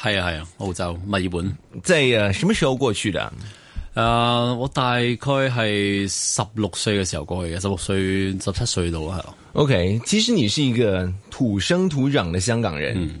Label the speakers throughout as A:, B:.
A: 係啊係啊，澳洲墨爾本，即係啊什麼時候過去的？
B: 啊，uh, 我大概係十六歲嘅時候過去嘅，十六歲、
A: 十七歲度係。OK，其實你是一個土生土長嘅香港人。嗯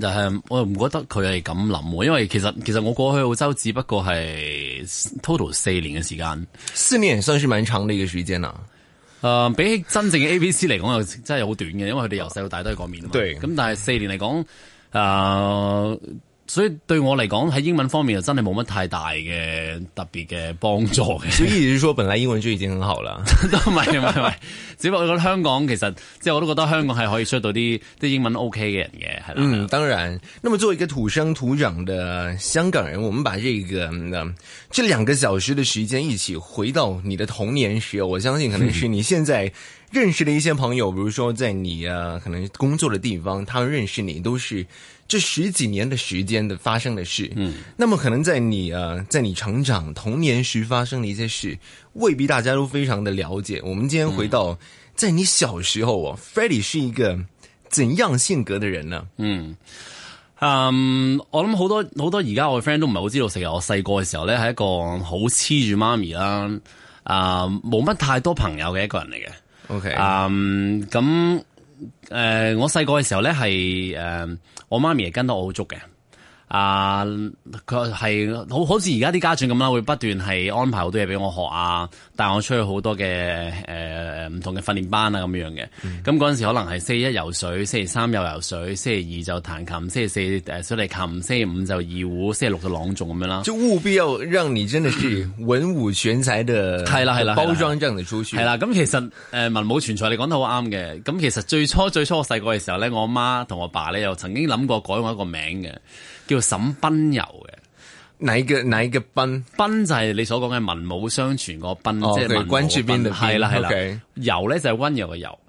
A: 就係、是、我又唔覺得佢係咁諗喎，因為其實其實我過去澳
B: 洲只不過係 total 四年嘅時間，四年算係蠻長年嘅時間啦、啊。誒、呃，比起真正嘅 A B C 嚟講，又真係好短嘅，因為佢哋由細到大都係一個面對，咁但係四年嚟講，誒、呃。所以對我嚟講喺英文方面就真係冇乜太大嘅特別嘅幫助嘅。 所以意思說本來英文就已經很好啦， 都唔係唔係唔係，只不過我覺得香港其實即係我都覺得香港係可以出到啲啲英文
A: OK 嘅人嘅，係嗯，當然。咁麼作為一個土生土長嘅香港人，我們把這個呢、嗯、這兩個小時嘅時間一起回到你的童年時，我相信可能是你現在認識的一些朋友，比如說在你啊可能工作嘅地方，他認識你都是。這十幾年的時間的發生的事，嗯，那麼可能在你啊，在你成長童年時發生的一些事，未必大家都非常的了解。我們今天回到，嗯，在你小時候啊 Freddie 是一個怎樣性格的人呢？嗯，嗯，我諗好多好多而家我嘅 friend 都唔係好知道，
B: 成日我細個嘅時候咧係一個好黐住媽咪啦，啊，冇乜太多朋友嘅一個人嚟嘅。OK，嗯，咁。誒、呃，我細個嘅時候咧，係、呃、誒我媽咪係跟得我好足嘅。啊，佢係好，好似而家啲家長咁啦，會不斷係安排好多嘢俾我學啊，帶我出去好多嘅誒唔同嘅訓練班啊咁樣嘅。咁嗰陣時候可能係星期一游水，星期三又游水，星期二就彈琴，星期四小提琴，星、呃、期五就二胡，星期六就朗誦咁樣啦。
A: 就務必要讓你真的是文武全才的，係啦係啦，包裝樣嘅書出
B: 嚟。係啦，咁其實誒、呃、文武全才你講得好啱嘅。咁其實最初最初我細個嘅時候咧，我媽同我爸咧又曾經諗過改我一個名嘅。叫沈斌柔嘅，乃嘅乃嘅斌，斌就係你所講嘅文武相傳個斌，oh, okay, 即係文武嘅斌，關注邊度？係啦，係啦，okay. 柔溫柔咧就係溫柔嘅柔。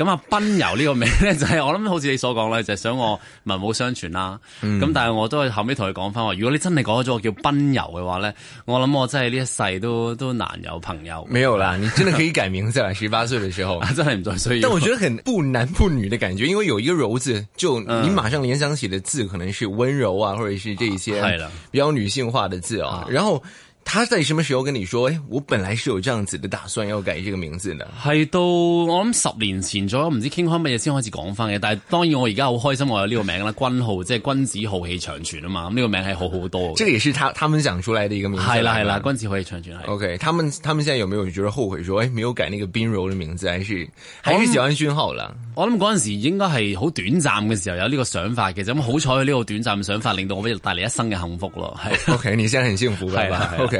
B: 咁啊，斌柔呢個名咧，就係我諗好似你所講啦，就係想我文武雙全啦。咁、嗯嗯、但係我都係後尾同佢講翻話，如果你真係講咗我叫斌柔嘅話咧，我諗我真係呢一世都都難有朋友。沒有啦，你真係可以改
A: 名字啦，十八歲嘅時候，啊、真係唔再所以我但我覺得很不男不女嘅感覺，因為有一個柔字，就你馬上聯想起嘅字可能是溫柔啊，或者是這一些比較女性化的字啊，啊然後。他在什麼時候跟你說？誒、欸，我本來是有這樣子的打算，要改這個名字呢？
B: 係到我諗十年前左右，唔知傾開乜嘢先開始講翻嘅。但係當然我而家好開心，我有呢個名啦。君浩即係君子豪氣長存啊嘛。咁呢個名係好好多，即係也是他他
A: 們想出嚟嘅一個名字。係啦係啦，君子可以長存。係。O、okay, K，他們他們現在有沒有覺得後悔說？說、哎、誒，沒有改那個冰柔的名字，還是還是喜的歡君浩啦？我諗嗰陣時應該係好短暫
B: 嘅時候有呢個想法嘅。咁好彩呢個短暫嘅想法令到我俾你帶嚟一生嘅幸福咯。係。O、okay, K，你
A: 現在很幸福噶，係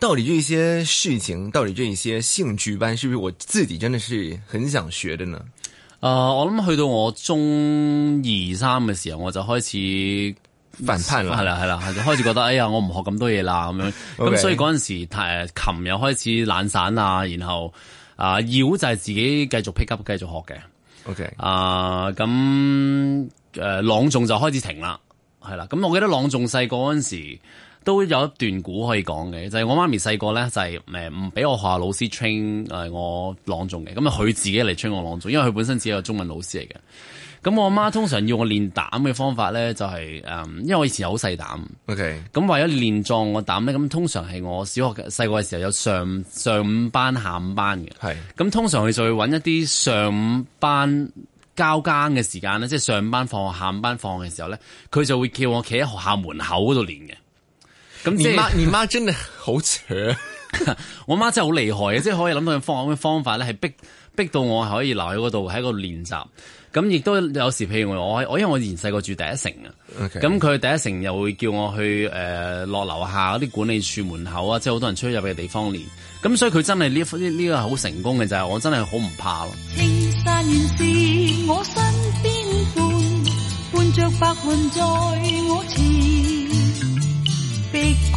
A: 到底這些事情，到底這一些興趣班，是不是我自己真的是很想學的呢？啊、呃，我諗去到我中二三嘅時候，我就開始反叛啦，係
B: 啦，係啦，開始覺得 哎呀，我唔學咁多嘢啦，咁樣咁 Okay.、嗯，所以嗰陣時琴又開始懶散啊，然後啊，要、呃、就係自己繼續 pick up，繼續學嘅。ok 啊、呃，咁誒朗誦就開始停啦，係啦，咁、嗯、我記得朗誦細個嗰陣時。都有一段古可以講嘅，就係、是、我媽咪細個咧，就係誒唔俾我學校老師 train 誒我朗誦嘅。咁啊，佢自己嚟 train 我朗誦，因為佢本身自己係個中文老師嚟嘅。咁我媽，媽通常要我練膽嘅方法咧，就係、是、誒，因為我以前好細膽。OK，咁為咗練壯我膽咧，咁通常係我小學細個嘅時候有上上午班下午班嘅。係咁是，通常佢就會揾一啲上午班交更嘅時間咧，即、就、係、是、上班放下午班放嘅時候咧，佢就會叫我企喺學校門口嗰度練嘅。咁年、就是、媽年媽真係好扯， 我媽真係好厲害嘅，即、就、係、是、可以諗到咁方咁方法咧，係逼逼到我可以留喺嗰度喺度練習。咁亦都有時，譬如我我因為我以前細個住第一城啊，咁佢 Okay. 第一城又會叫我去誒落、呃、樓下嗰啲管理處門口啊，即係好多人出入嘅地方練。咁所以佢真係呢呢個係好成功嘅，就係我真係好唔怕咯。青山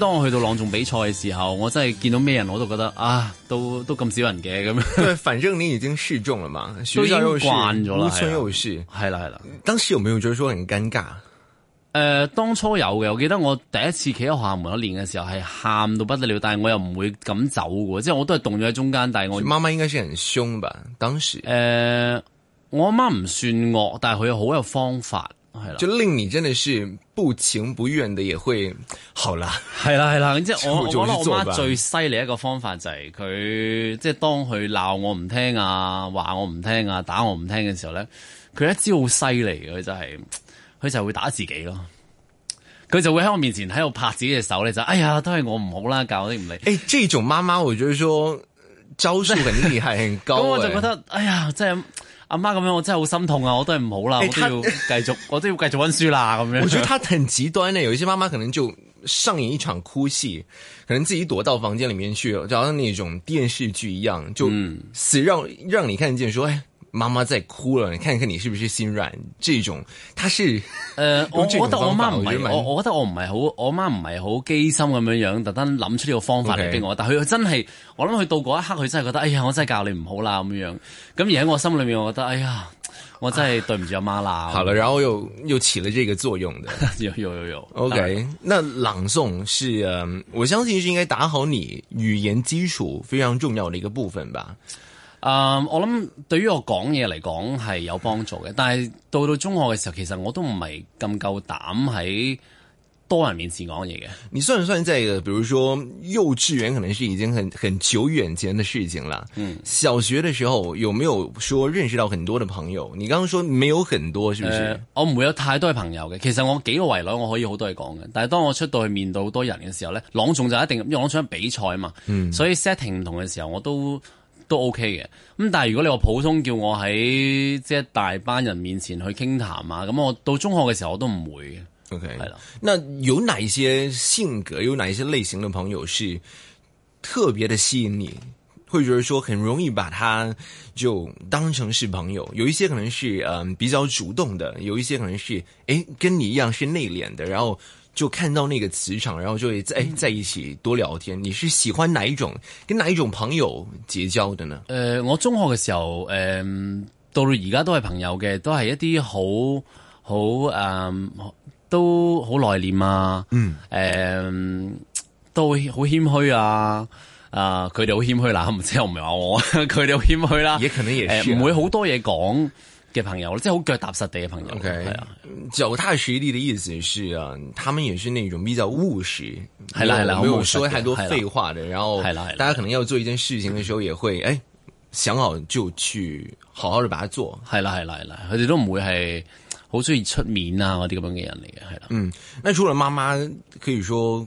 B: 當我去到朗誦比賽嘅時候，我真係見到咩人我都覺得啊，都都咁少人嘅，咁樣 對，反正你已經示眾了嘛，所以已經慣咗啦。都算一
A: 回事，係啦係啦。啊啊、當時有冇覺得說很尷
B: 尬？誒、呃，當初有嘅，我記得我第一次企喺學校門口練嘅時候，係喊到不得了，但係我又唔會咁走嘅，即係我都係動咗喺中間。但係我媽媽應該算很兇吧？當時誒、呃，我阿媽唔算惡，但係佢好有方法。
A: 係啦，就令你真係是不情不願地也會好啦。係啦，係啦。咁即係我，我覺得我媽最犀
B: 利一個方法就係、是、佢，即係當佢鬧我唔聽啊，話我唔聽啊，打我唔聽嘅時候咧，佢一招好犀利嘅，佢就係、是、佢就是會打自己咯。佢就會喺我面前喺度拍自己嘅手咧，就哎呀，都係我唔好啦，教啲唔理。誒、哎，這種媽媽，我覺得說招數很厲害、啊，很高。咁 我就覺得，哎呀，真係。阿媽咁樣，我真係好心痛啊！我都係唔好啦，欸、我都要繼續，我都要繼續溫書
A: 啦。咁樣，我覺得他很極端呢、欸。有一些媽媽可能就上演一場哭戲，可能自己躲到房間裏面去，就好像那種電視劇一樣，就死讓讓你看見，說，誒、嗯。媽媽在哭了，你看看你是不是心軟？這種，他是，
B: 呃，我覺得我媽唔係，我我覺得我唔係好，我媽唔係好機心咁樣樣，特登諗出呢個方法嚟俾我。Okay. 但佢又真係，我諗佢到嗰一刻，佢真係覺得，哎呀，我真係教你唔好啦咁樣樣。
A: 咁而喺我心裏面，我覺得，哎呀，我真係對唔住阿媽啦。 好了，然後又又起了呢個作用的， 有有有 OK，然那朗誦是，我相信是應該打好你語言基礎非常重要的一個部分吧。啊！Um, 我諗
B: 對於我講嘢嚟講係有幫助嘅，但係到到中學嘅時候，其實我都唔係
A: 咁夠膽喺多人面前講嘢嘅。你算唔算即係，比如說幼稚園，可能是已經很很久遠前的事情啦。嗯，小學嘅時候有沒有說認識到很多的朋友？你剛剛說沒有很多，是不是？呃、我唔會有太多嘅朋
B: 友嘅。其實我幾個圍內我可以好多嘢講嘅，但係當我出到去面對好多人嘅時候呢，朗誦就一定，因為我比賽嘛。嗯，所以 setting 唔同嘅時候，我都。都 OK 嘅，咁但係如果你話普通叫我喺即係大班人面前去傾談啊，咁我到中學嘅時候我
A: 都唔會嘅。OK，係啦的。那有哪一些性格，有哪一些類型嘅朋友是特別的吸引你，會就係說很容易把他就當成是朋友？有一些可能是嗯比較主動的，有一些可能是誒跟你一樣是內斂的，然後。就看到那個磁場，然後就會在在一起多聊天。你是喜歡哪一種，跟哪一種朋友結交的呢？誒、呃，我中學嘅時候，
B: 誒、呃，到而家都係朋友嘅，都係一啲好好誒，都好內斂啊。嗯，誒、呃，都好謙虛啊。呃、他們啊，佢哋好謙虛啦，唔知我唔係話我，佢哋好謙虛啦，也肯定也是唔會好
A: 多嘢講。嘅朋友咯，即係好腳踏實地嘅朋友，Okay，係啊，腳踏實地的意思是啊，他們也是那種比較務實，係啦係啦，唔會說太多廢話嘅，了然後大家可能要做一件事情嘅時候，也會誒想好就去
B: 好好地把它做，係啦係啦係啦，佢哋都唔會係好中意出面啊嗰啲咁
A: 樣嘅人嚟嘅，係啦，嗯，那除了媽媽，可以說。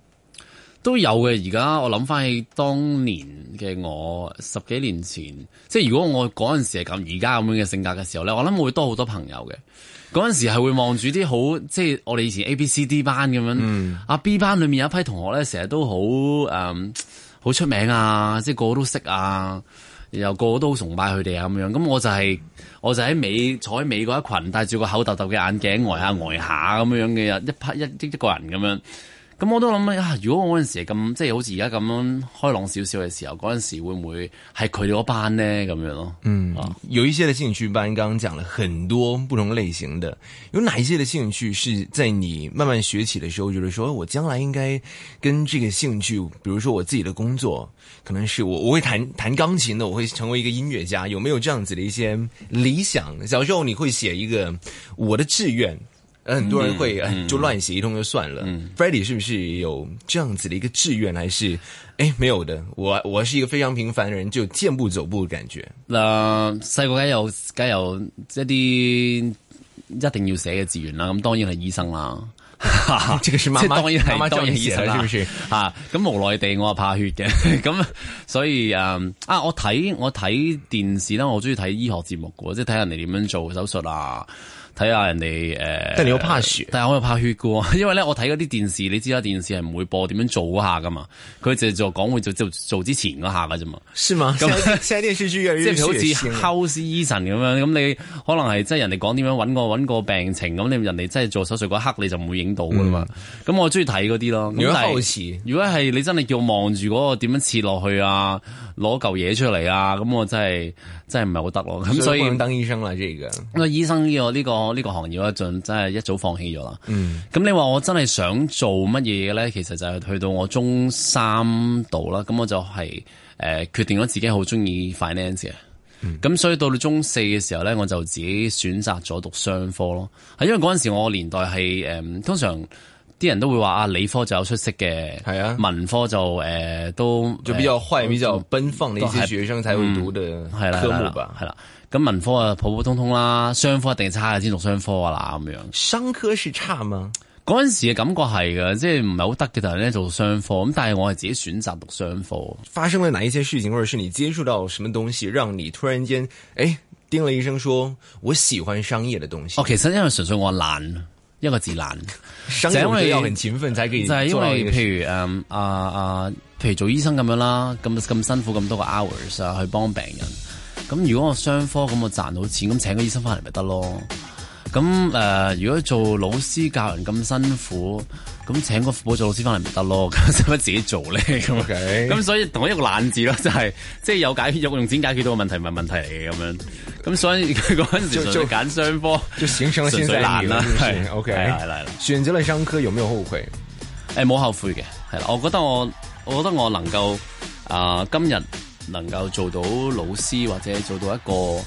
A: 都有嘅，而家
B: 我諗返起當年嘅我，十幾年前，即係如果我嗰陣時係咁而家咁樣嘅性格嘅時候咧，我諗我會多好多朋友嘅。嗰陣時係會望住啲好，即係我哋以前 A、B、C、D 班咁樣。阿、嗯、B 班裏面有一批同學咧，成日都好誒，好、嗯、出名啊，即係個個都識啊，又個個都好崇拜佢哋啊咁樣。咁我就係、是，我就喺美坐喺美國一群，戴住個厚豆豆嘅眼鏡，呆下呆下咁樣嘅人，一匹一一個人咁樣。咁我都諗啊，如果我嗰陣時係咁，即係好似而家
A: 咁樣開朗少少嘅時候，嗰陣時會唔會係佢哋嗰班呢，咁樣咯？嗯，有一些嘅興趣班剛剛講了很多不同類型的，有哪一些嘅興趣是在你慢慢學起的時候，就是說我將來應該跟這個興趣，比如說我自己的工作，可能是我我會彈彈鋼琴的，我會成為一個音樂家，有沒有這樣子的一些理想？小時候你會寫一個我的志願。誒，很多人會、嗯嗯、就亂寫一通就算了。嗯、Freddie 是不是有這樣子的一個志願，還是誒沒有的？我我是一個非常平凡的人，就健步走步的感覺。
B: 嗱、嗯，細個梗有梗有一啲一定要寫嘅志願啦，咁當然係醫生啦， 這個是媽媽 當然係當然係醫生啦，是不是吓咁、 啊、無奈地我係怕血嘅，咁 所以誒、嗯、啊，我睇我睇電視啦，我中意睇醫學節目嘅，即係睇人哋點樣做手術啊。睇下人哋誒，但你要怕血，但係、呃、我又怕血嘅喎，因為呢，我睇嗰啲電視，你知啦，電視係唔會播點樣做下㗎嘛，佢就就講會就做之前嗰下㗎啫嘛。係嘛？咁樣，即
A: 係電視劇越嚟越血腥。即係好
B: 似 House 醫生咁樣，咁、嗯、你可能係即係人哋講點樣揾個揾個病情，咁你人哋即係做手術嗰一刻你就唔會影到㗎啦嘛。咁、嗯、我鍾意睇嗰啲咯。如果後如果係你真係叫望住嗰個點樣切落去啊？攞嚿嘢出嚟啊！咁我真係真係唔係好得
A: 咯。咁所以，所以當醫生啦，即係而家。因
B: 為醫生呢、呢個呢個呢個行業咧，就真係一早放棄咗啦。嗯。咁你話我真係想做乜嘢咧？其實就係去到我中三度啦。咁我就係、是、誒、呃、決定咗自己好中意 finance 嘅。咁所以到到中四嘅時候咧，我就自己選擇咗讀商科咯。因為嗰陣時我年代係、嗯、通常。啲人都會話啊，理科就有出息嘅，係啊， 文科就誒、呃、都就比較壞、呃、比較奔
A: 放呢一些學生才會讀嘅係啦，係啦，咁、
B: 嗯嗯、文科啊普普通通啦，商科一定差嘅，先讀商科噶啦咁樣。商科是
A: 差嗎？嗰陣時嘅感覺係嘅，即係唔係好得嘅，但係咧做商科，咁但係我係自己選擇讀商科。發生咗哪一些事情，或者是你接觸到什麼東西，讓你突然間誒？叮、欸、咗一聲，說我喜歡商業嘅東西。哦，okay，其實因為純粹我懶。一個字難，正因為要很
B: 勤奮才可以。就係因為譬如誒，阿、呃、阿、呃，譬如做醫生咁樣啦，咁咁辛苦咁多個 hours 去幫病人。咁如果我商科，咁我賺到錢，咁請個醫生翻嚟，咪得咯。咁誒、呃，如果做老師教人咁辛苦。咁請個輔助老師翻嚟咪得咯，使乜自己做咧？咁 Okay. 所以同一個懶字咯，就係即係有解決用錢解決到嘅問題唔係問題嚟嘅咁樣。咁所以嗰陣時選科就揀商科，就形成了現在嘅懶啦。OK，係，啦，係啦。
A: 選擇了商科，有沒有後悔？
B: 誒、欸，冇後悔嘅，係啦。我覺得我我覺得我能夠啊、呃，今日能夠做到老師或者做到一個誒。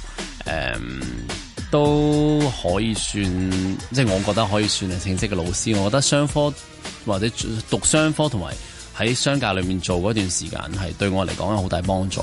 B: 呃都可以算，即係我覺得可以算係正式嘅老師，我覺得商科或者讀商科同埋喺商界裏面做嗰段時間係對我嚟講有好大幫助。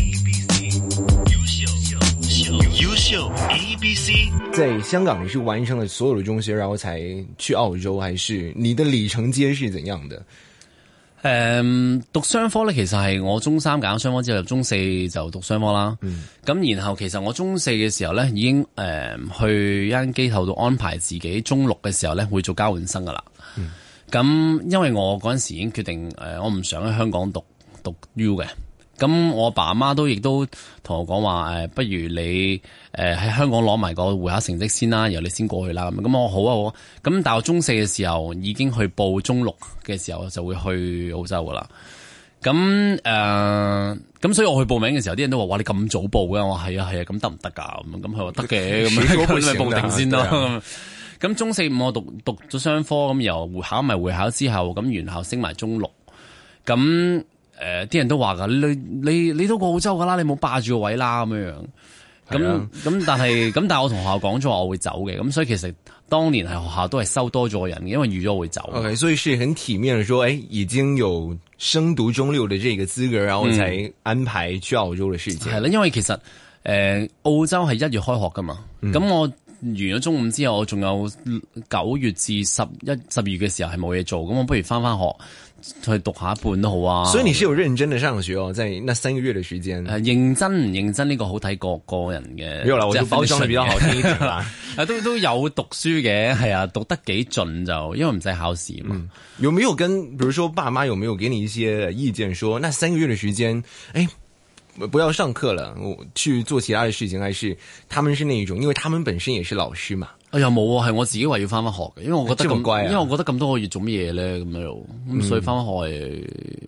C: A B C，
A: 在香港你是完成了所有的中學，然後才去澳洲，還是你的里程街是怎樣的？誒，um, 讀商科呢，其實係我中三搞揀商科之後，中四就
B: 讀商科啦。嗯，咁然後其實我中四嘅時候呢已經誒、嗯、去一間機構度安排自己中六嘅時候呢會做交換生噶啦。嗯，咁、嗯、因為我嗰陣時已經決定誒，我唔想喺香港讀讀 U 嘅。咁我阿爸阿媽都亦都同我講話不如你誒喺香港攞埋個會考成績先啦，然後你先過去啦。咁我好啊，好啊，我咁大我中四嘅時候已經去報中六嘅時候就會去澳洲噶啦。咁誒，咁，所以我去報名嘅時候，啲人都話：哇！你咁早報嘅，啊，我話係啊係啊，咁得唔得噶？咁咁佢話得嘅，咁高半報定先啦。對」咁中四五我讀咗商科，咁又考埋會考之後，咁原校升埋中六，咁。誒、啲、呃、人都話噶，你你你都過澳洲噶啦，你冇霸住個位啦，咁樣樣。咁咁是、啊，但係咁， 但係我同學校講咗話，我會走嘅。咁
A: 所以其實當年係學校都係收多咗人，因為預咗會走。Okay，所以是很體面的說，誒、哎，已經有升讀中六嘅這個資格，然後才安排去澳洲嘅書
B: 展。係啦、嗯，因為其實誒、呃，澳洲係一月開學噶嘛，咁、嗯、我完咗中午之後，我仲有九月至十一、十二嘅時候係冇嘢做，咁我不如翻翻學。去讀下一半都好啊，好，所以你
A: 是有認真的上學哦，在那三個月的時間，啊。認真唔認真呢，這個好睇個個人嘅。有啦，我包裝比較好聽。 啊，都都有讀書嘅，係啊，讀得幾盡就，因為唔使考試嘛，嗯。有冇有跟，比如說爸媽有冇有給你一些意見說，說那三個月的時間，誒，欸，不要上課了，我去做其他的事情，還是？他們是那一種，因為他們本身也是老師嘛。哎呀，冇、啊，係我自己話要翻翻學嘅，因為我覺得，啊、因為我覺得咁多個月做咩嘢咧，咁樣咁
B: 所以翻翻學、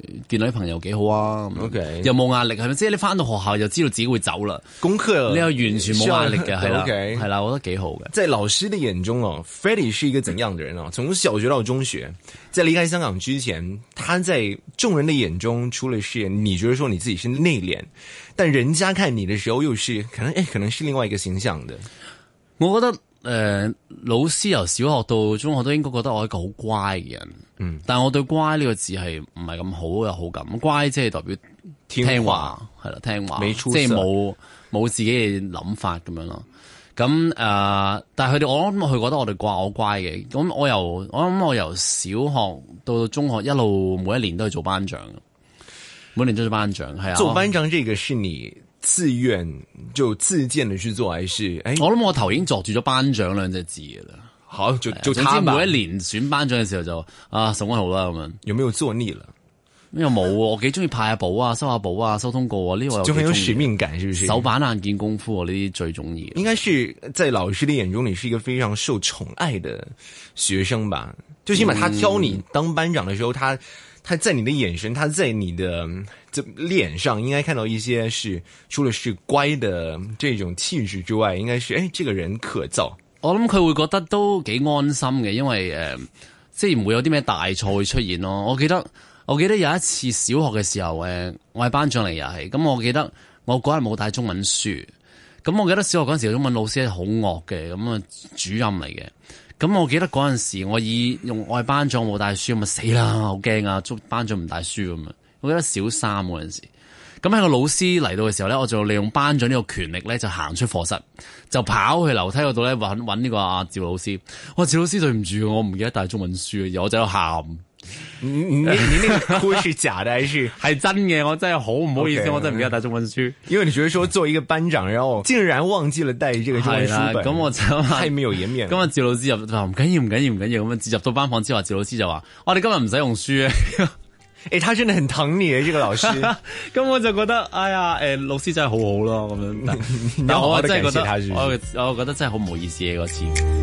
B: 嗯、見到啲朋友幾好啊，OK，又冇壓力係咪？即係你翻到學校就
A: 知道自己會走啦，功課，你又完全冇壓力嘅，係，OK，係啦，我覺得幾好嘅。即係老師嘅眼中啊 Freddy 是一個怎樣嘅人啊？從小學到中學，在離開香港之前，他在眾人嘅眼中除了事業。你覺得說你自己是內斂，但人家看你嘅時候又是可能誒、欸，可能是另外一個形象嘅。我覺得。誒、呃，
B: 老師由小學到中學都應該覺得我係一個好乖嘅人，嗯，但係我對乖呢、這個字係唔係咁好有好感。乖即係代表聽話，係啦話，聽話，即係冇冇自己嘅諗法咁樣咯。咁、呃、誒，但係佢哋我諗佢覺得我哋乖，乖的那我由，我乖嘅。咁我由我諗我由小學到中學一路每一年都係做班長，每年都做班長，係啊。做班長這個是你，自願就自薦的去做，還是誒？我諗我頭已經作住咗班長兩隻字啦。好，就就他每一年選班長嘅時候就啊，沈安好啦咁樣。有沒有做膩了？又冇，我幾中意派下簿啊、收下簿啊、收通告啊呢、這個有。就很有使命
A: 感，是不是？手板眼見功夫啊呢啲最重要的。應該是在老師的眼中，你是一個非常受寵愛的學生吧？最起碼，他教你當班長的時候，嗯、他。他在你的眼神，他在你的這臉上，應該看到一些是，除了是乖的這種氣質之外，應該是，誒、哎，這個人可造。我諗佢
B: 會覺得都幾安心嘅，因為誒、呃，即係唔會有啲咩大錯會出現咯。我記得我記得有一次小學嘅時候，誒、呃，我係班長嚟又係，咁我記得我嗰日冇帶中文書，咁我記得小學嗰陣時中文老師係好惡嘅，咁啊主任嚟嘅。咁我記得嗰陣時，我以用我係班長冇帶書，咪死啦！好驚啊，捉班長唔帶書咁啊！我記得小三嗰陣時，咁、那、喺個老師嚟到嘅時候呢，我就利用班長呢個權力呢，就行出課室，就跑去樓梯嗰度呢，搵揾呢個阿趙老師。我話趙老師，對唔住，我唔記得帶中文書，而我仔喺度喊。
A: 你你那個故事是假的還是係 真嘅？我真係好唔
D: 好意思，okay, 我真係唔記
A: 得帶中文書，因為你覺得說做一個班長，然後竟然忘記了帶這個中文書本，咁我就太沒有顏面
B: 了。咁啊，趙老師入唔緊要，唔緊要，唔緊要。咁啊，入到班房之後，趙老師就話：我、哦、哋今日唔使用書。誒 、
A: 欸，他真係很疼你嘅一、這個老師，咁、 嗯、我就覺得，哎呀，誒、呃，老師真係好， 好好咯，咁樣。我真係
B: 覺得，我我覺得真係好唔好意思嘅、啊、嗰次。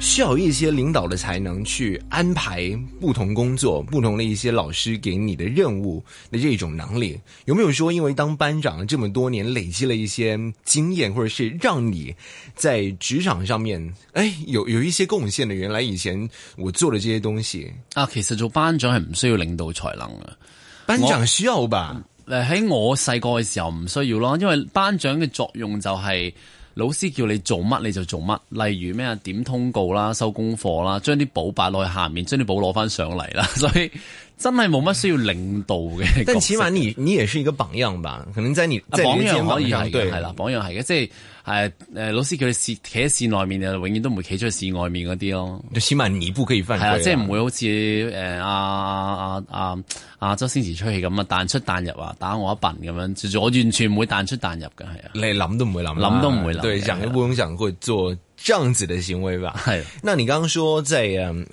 A: 需要一些領導的才能去安排不同工作，不同的一些老師給你的任務的這種能力，有沒有說，因為當班長這麼多年累積了一些經驗，或者是讓你在職場上面，誒，有有一些貢獻的？原來以前我做的這些東西啊，其實做班長係唔需要領導才能啊，班長需要
B: 吧？誒，喺我細個嘅時候唔需要咯，因為班長嘅作用就係、是。老師叫你做乜你就做乜，例如咩啊點通告啦、收功課啦、將啲簿擺落去下面、將啲簿攞翻上嚟啦，所以。真係冇乜需要領導嘅，但起碼你你也是一個榜樣吧？可能真係你，在你榜樣可以係啦對，榜樣係嘅，即係誒誒，老師叫你線企喺線內面，永遠都唔會企出去線外面嗰啲咯。就起碼你起碼你不可以分，係、呃、啊，即係唔會好似誒阿阿阿阿周星馳出戲咁啊，彈、啊啊、出彈
A: 入啊，打我一棒咁樣，我完全唔會彈出彈入嘅，係啊，你諗都唔會諗，諗都唔會諗。對，人一般人佢做這樣子的行為吧。係的，那你剛剛說即係嗯。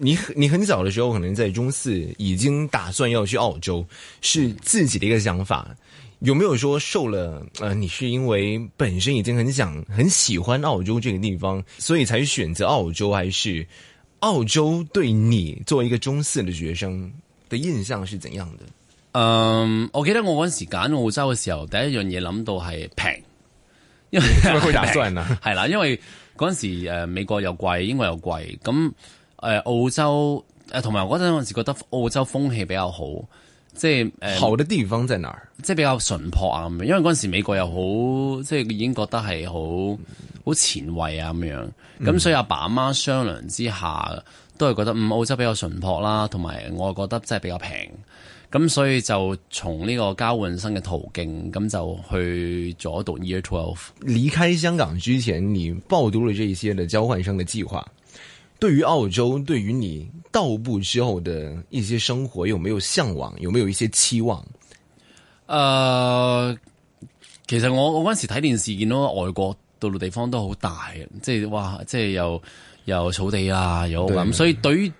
A: 你你很早的時候可能在中四已經打算要去澳洲，是自己的一個想法，有沒有說受了？呃，你是因為本身已經很想很喜歡澳洲這個地方，所以才選擇澳洲，還是澳洲對你作為一個中四的學生的印象是怎樣的？嗯，
B: 我記得我嗰陣時揀澳洲嘅時候，第一樣嘢諗到係平，因為 會打算人啊，係啦，因為嗰陣時誒美國又貴，英國又貴咁。那誒、呃、澳洲誒同埋我嗰陣時覺得澳洲風氣比較好，即係、呃、好的地方在哪？即係比較淳樸啊咁樣，因為嗰陣時美國又好，即係已經覺得係好好前衛啊咁樣。咁、嗯、所以阿爸阿媽商量之下，都係覺得嗯澳洲比較淳樸啦，同埋我覺得即係比較平。咁所以就從呢個交換生嘅途徑，咁就去咗讀 Year Twelve。
A: 12離開香港之前，你報讀了這些的交換生的計劃。對於澳洲，對於你到步之後的一些生活，有沒有向往？有沒有一些期望？
B: 誒、呃，其實我我嗰陣時睇電視見到外國到到地方都好大嘅，即係哇，即係又又草地啊，又咁，對所以對於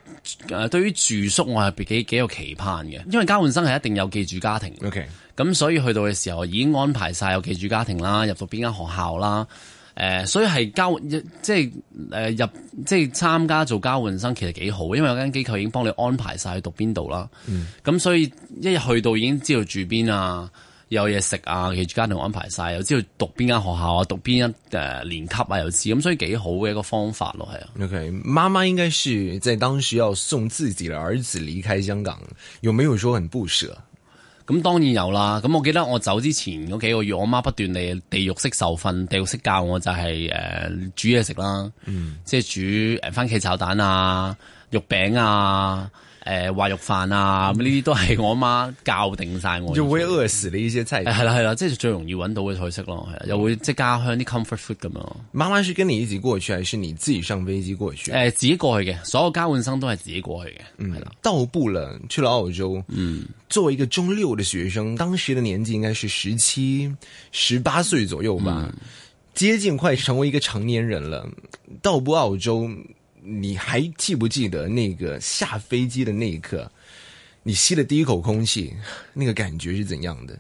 B: 誒對於住宿，我係幾幾有期盼嘅，因為交換生係一定有寄住家庭。O K，咁所以去到嘅時候已經安排晒有寄住家庭啦，入到邊間學校啦。誒、呃，所以係交換即係誒入即係參、呃、加做交換生，其實幾好的，因為有間機構已經幫你安排晒去讀邊度啦。咁、嗯、所以一去到已經知道住邊啊，有嘢食啊，其實家庭安排晒，又知道讀邊間學校啊，讀邊一誒、呃、年級啊，又知，咁所以幾好嘅一個方法咯，係
A: 啊。OK，媽媽應該是即係當時要送自己的兒子離開香港，有冇有說很不捨？咁當
B: 然有啦，咁我記得我走之前嗰幾個月，我媽不斷地地獄式受訓，地獄式教我就係、是、誒、呃、煮嘢食啦，嗯、即係煮誒番茄炒蛋啊、肉餅啊。誒，話、呃、肉飯啊，咁呢啲都係我阿媽教定晒我的的。就會餓死呢一些菜即係啦係啦，即係最容易揾到嘅菜式咯，又會即係家鄉啲 comfort food
A: 咁樣。媽媽是跟你一起過去，還是你自己上飛機過去？誒、呃，自己過去嘅，所有交換生都係自己過去嘅，嗯，係啦的。到步了去了澳洲，嗯，作為一個中六嘅學生，當時嘅年紀應該是十七、十八歲左右吧，嗯嗯、接近快成為一個成年人了。到步澳洲。你還記不記得那個下飛機的那一刻？你吸的第一口空氣，那個感覺是怎樣的？誒、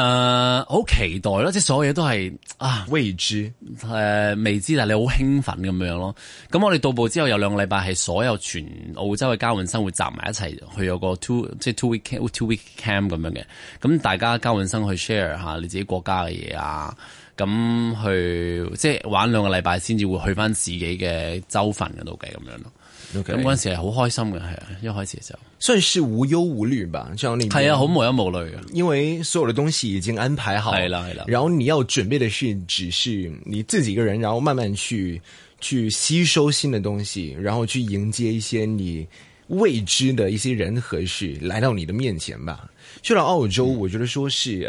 A: 呃，好期待咯！即所有嘢都係啊未
B: 知誒、呃、未知，但係你好興奮咁樣咯。咁我哋到埗之後有兩個禮拜係所有全澳洲嘅交換生會集埋一齊去有個 two 即係 two week two week camp 咁樣嘅，咁大家交換生去 share 下你自己國家嘅嘢啊。咁去即係玩兩個禮拜先至會去返自己嘅州份嘅度嘅咁樣咯。
A: 咁嗰陣時係好開心嘅，係啊，一開始就算是無憂無慮吧，將你係啊，好無憂無慮，因為所有嘅東西已經安排好，係啦係啦。然後你要準備嘅事，只是你自己個個人，然後慢慢去去吸收新的東西，然後去迎接一些你未知嘅一些人和事來到你嘅面前吧。去到澳洲，嗯、我覺得說是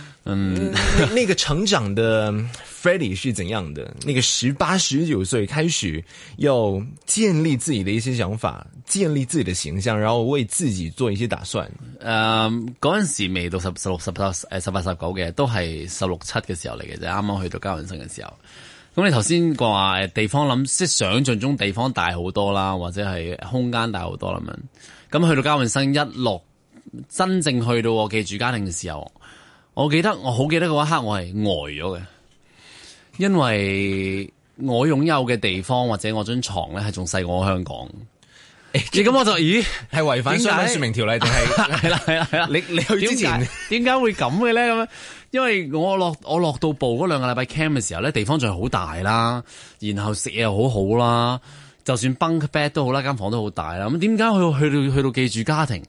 A: 嗯， 那個成長的 Freddie 是怎樣的？那個十八、十九歲開始要建立自己的一些想法，建立自己的形象，然後為自己做一些打算。嗯，嗰陣時未到十
B: 十六,十六、十八、十八十九嘅，都係十六七嘅時候嚟嘅啫，啱啱去到交換生嘅時候。咁你頭先話地方諗，即係想象中地方大好多啦，或者係空間大好多咁樣。咁去到交換生一落，真正去到我嘅住家庭嘅時候。我記得我好記得嗰一刻，我係呆咗嘅，因為我擁有嘅地方或者我張床咧係仲細過香港。你咁、欸就是、我就咦係違反商品說明條例定係？係啦係啦，是 你你去之前點解會咁嘅咧？咁樣，因為我落我落到部嗰兩個禮拜 camp 嘅時候咧，地方仲係好大啦，然後食嘢又好好啦，就算 bunk bed 都好啦，間房都好大啦。咁點解去去到去到記住家庭？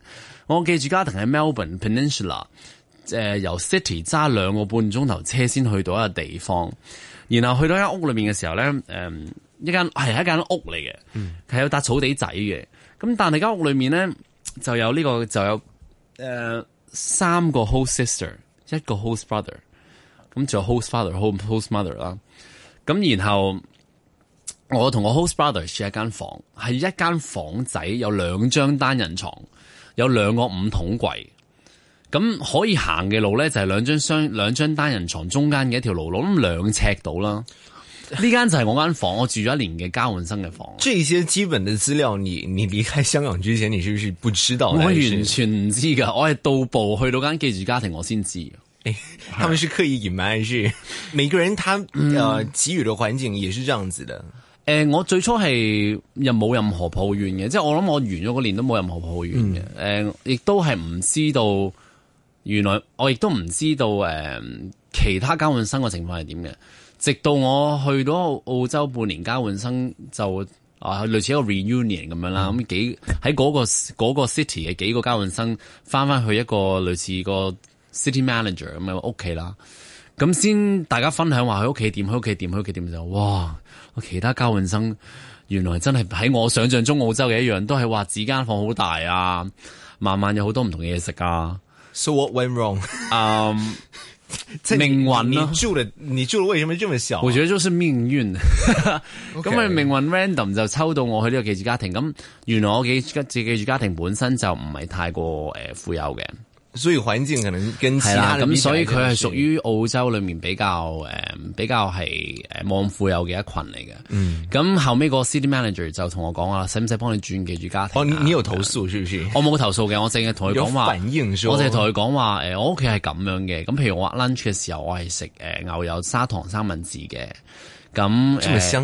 B: 我記住家庭喺 Melbourne Peninsula。即、呃、由 city 揸兩個半鐘頭車先去到一個地方，然後去到間屋裏面嘅時候咧，誒一間係一間屋嚟嘅，係、呃嗯、有笪草地仔嘅。咁但係間屋裏面咧就有呢、這個就有誒、呃、三個 host sister，一個 host brother，咁仲有 host father、嗯、host mother 啦。咁然後我同我 host brother 住一間房，係一間房仔，有兩張單人床，有兩個五桶櫃。咁可以行嘅路咧，就係兩張雙兩張單人床中間嘅一條路路，咁兩尺到啦。呢間就係我間房，我住咗一年嘅交換生嘅房。這些基本的資料，你你離
A: 開香港之前，你是不是不知道？我完全唔知噶，你我係到步去到間寄住家庭，我先知、哎。他們是刻意隱瞞還是每個人他呃給予的環境也是這樣子的？誒、呃，我最初係又冇任何抱怨嘅，即、就、係、是、我諗
B: 我完咗嗰年都冇任何抱怨嘅。誒、嗯呃，亦都係唔知道。原來我亦都唔知道誒其他交換生嘅情況係點嘅，直到我去到澳洲半年交換生就啊類似一個 reunion 咁樣啦、嗯，咁幾喺嗰、嗰個嗰個 city 嘅幾個交換生翻翻去一個類似個 city manager 咁嘅屋企啦，咁先大家分享話佢屋企點，佢屋企點，佢屋企點，就哇其他交換生原來真係喺我想象中澳洲嘅一樣，都係話住間房好大啊，晚晚有好多唔同嘅嘢食啊。So what went wrong? 嗯、um, 你，命運呢你？你
A: 住的你住為什麼這麼小、啊？我覺得
B: 就是命運。
D: 咁啊，命
B: 運 random 就抽到我去呢個寄住家庭。咁原來我寄住寄住家庭本身就唔係太過誒富有嘅。所以環境可能跟其他咁，所以佢係屬於澳洲裏面比較比較係誒望富有嘅一群嚟嘅。咁、嗯、後尾個 city manager 就同我講話，使唔使幫你轉記住家庭、啊？哦你，你有投訴是唔是？我冇投訴嘅，我淨係同佢講話。我淨係同佢講話我屋企係咁樣嘅。咁譬如我 lunch 嘅時候，我係食牛油砂糖三文治嘅。咁、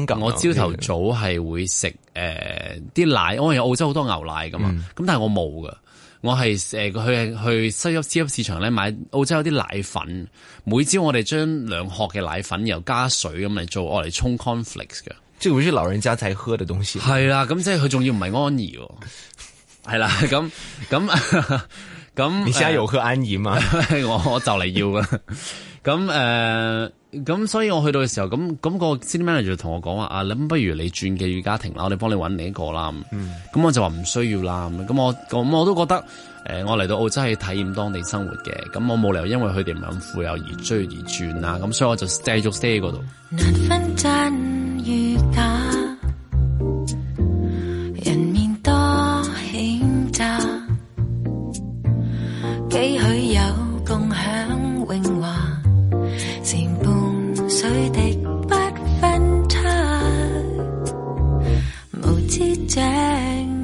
B: 啊、我朝頭早係會食誒啲奶，因為澳洲好多牛奶噶嘛。咁、嗯、但係我冇噶。我係誒，佢、呃、去去西歐 C F 市場咧買澳洲有啲奶粉，每朝我哋將兩殼嘅奶粉又加水咁嚟做，我嚟沖 conflex 嘅。即係好似老人家才喝嘅東西。係啦、啊，咁即係佢仲要唔係安怡、哦？係啦、啊，咁咁咁，啊、你而家有喝安怡嘛、啊，我我就嚟要 那啊，咁誒。咁所以我去到嘅時候，咁咁、那個 city manager 就同我講話，阿、啊、諗不如你轉寄語家庭啦，我哋幫你搵另一個啦。咁、嗯，我就話唔需要啦。咁，我咁我都覺得，誒、呃，我嚟到澳洲係體驗當地生活嘅。咁我冇理由因為佢哋唔咁富有而追而轉啦。咁所以我就繼續 stay 喺嗰度。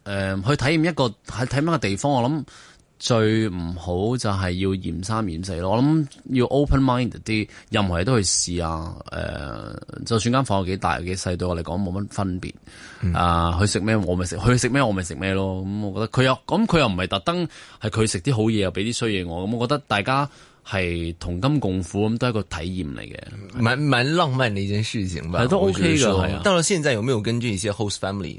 A: 誒、呃，去體驗一個喺睇乜嘅地方，
B: 我諗最唔好就係要嫌三嫌四咯。我諗要 open mind 啲，任何嘢都去試啊。誒、呃，就算間房有幾大幾細，對我嚟講冇乜分別啊、呃。去食咩我咪食，去食咩我咪食咩咯。咁、嗯、我覺得佢又咁，佢又唔係特登係佢食啲好嘢又俾啲衰嘢我。咁我覺得大家係同甘共苦咁，
A: 都係一個體驗嚟嘅。唔係唔係浪漫嘅一件事情吧對我覺得都 ok 嘅。到到現在，有冇有跟住一些 host family？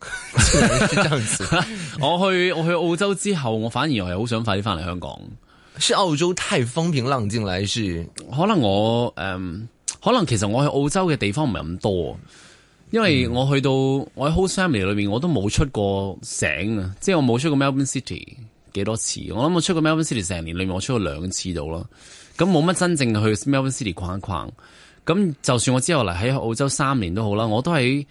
B: 我去我去澳洲之後，我反而我係好想快啲翻嚟香港。是澳洲太風平浪靜啦，是？可能我誒、嗯，可能其實我去澳洲嘅地方唔係咁多，因為我去到我喺 whole family 裏面，我都冇出過城啊，即係我冇出過 Melbourne City 幾多次。我諗我出過 Melbourne City 成年，裏面我出過兩次到啦。咁冇乜真正去 Melbourne City 逛一逛。咁就算我之後嚟喺澳洲三年都好啦，我都喺。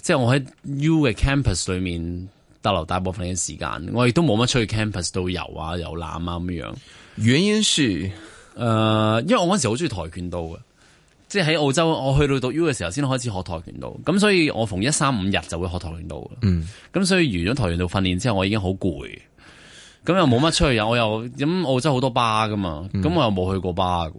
B: 即係我喺 U 嘅 campus 裏面逗留大部分嘅時間，我亦都冇乜出去 campus 度遊啊遊覽啊咁樣。原因是誒，因為我嗰時好中意跆拳道嘅，即係喺澳洲我去到讀 U 嘅時候先開始學跆拳道，咁所以我逢一三五日就會學跆拳道㗎。嗯，咁所以完咗跆拳道訓練之後，我已經好攰，咁又冇乜出去遊，我又咁澳洲好多巴噶嘛，咁、嗯、我又冇去過巴噶。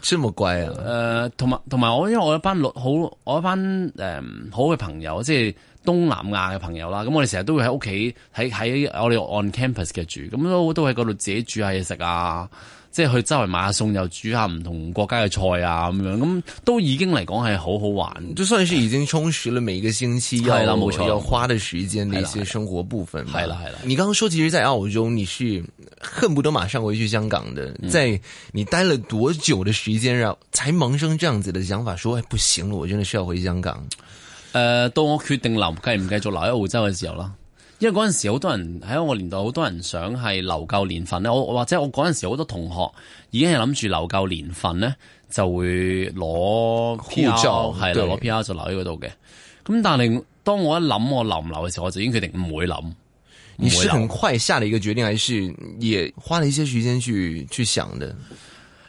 B: 這麼貴啊？誒、呃，同埋同埋，我因為我一班六好，我一班誒、呃、好嘅朋友，即係。東南亞嘅朋友啦，咁我哋成日都會喺屋企喺喺我哋 on campus 嘅住，咁都都喺嗰度自己煮下嘢食啊，即係去周圍買下餸又煮下唔同國家嘅菜啊咁、嗯、樣，咁都已經嚟講係好
A: 好玩，就算係已經充實咗每一個星期冇錯花啲時間嘅一些生活部分。係啦係啦，你剛剛說其實在澳洲你是恨不得馬上回去香港的，嗯、在你待了多久的時間之後，才萌生這樣子的想法，說：，哎，不行了，我真的需要回香港。誒、呃，到我決定留，繼唔繼續留喺澳洲嘅時候啦，
B: 因為嗰陣時好多人喺我年代，好多人想係留夠年份咧，我或者我嗰陣時好多同學已經係諗住留夠年份咧，就會攞 P R 係啦，攞 P R 就留喺嗰度嘅。咁但係當我一諗我留唔留嘅時候，我就已經決定唔會
A: 諗。
C: 會你是很
A: 快下了一個決定，還是也花了一些時間去去想的？誒、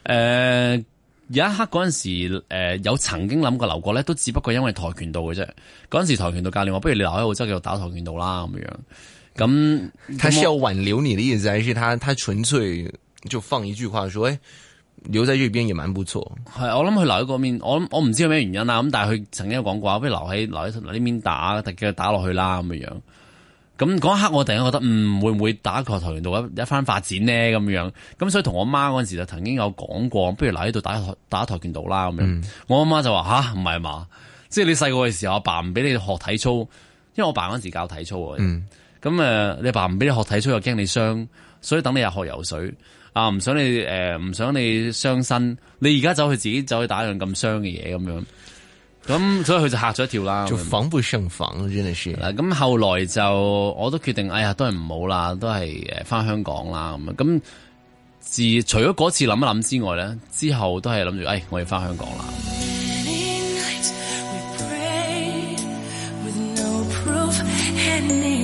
A: 呃。有一刻嗰陣時，誒、呃、有曾經諗過留
B: 過咧，都只不過因為跆拳道嘅啫。嗰陣時跆拳道教練話，不如你留喺澳洲繼續打跆拳道啦咁樣。
A: 咁，他需要挽留你的意思，還是他他純粹就放一句話說，誒、欸，留在這邊也蠻不錯。係我諗佢留喺嗰面，我我唔知有咩原因啦。
B: 咁但係佢曾經有講過，不如留喺留喺呢邊打，就繼續打落去啦咁樣。咁嗰一刻我突然間覺得，嗯，會唔會打下跆拳道一一番發展咧咁樣？咁所以同我媽嗰陣時就曾經有講過，不如留喺度打打跆拳道啦咁樣。嗯、我阿媽就話：吓，唔係嘛？即係你細個嘅時候，阿爸唔俾你學體操，因為我爸嗰陣時教體操嘅。咁誒，你爸唔俾你學體操又驚你傷，所以等你又學游水啊，唔想你誒，唔想你傷身。你而家走去自己走去打一樣咁傷嘅嘢咁樣。咁所以佢就嚇咗一跳啦，就防不勝防，真係。嗱，咁後來就我都決定，哎呀，都係唔好啦，都係誒翻香港啦咁啊。咁自除咗嗰次諗一諗之外咧，之後都係諗住，哎，我要翻香港啦。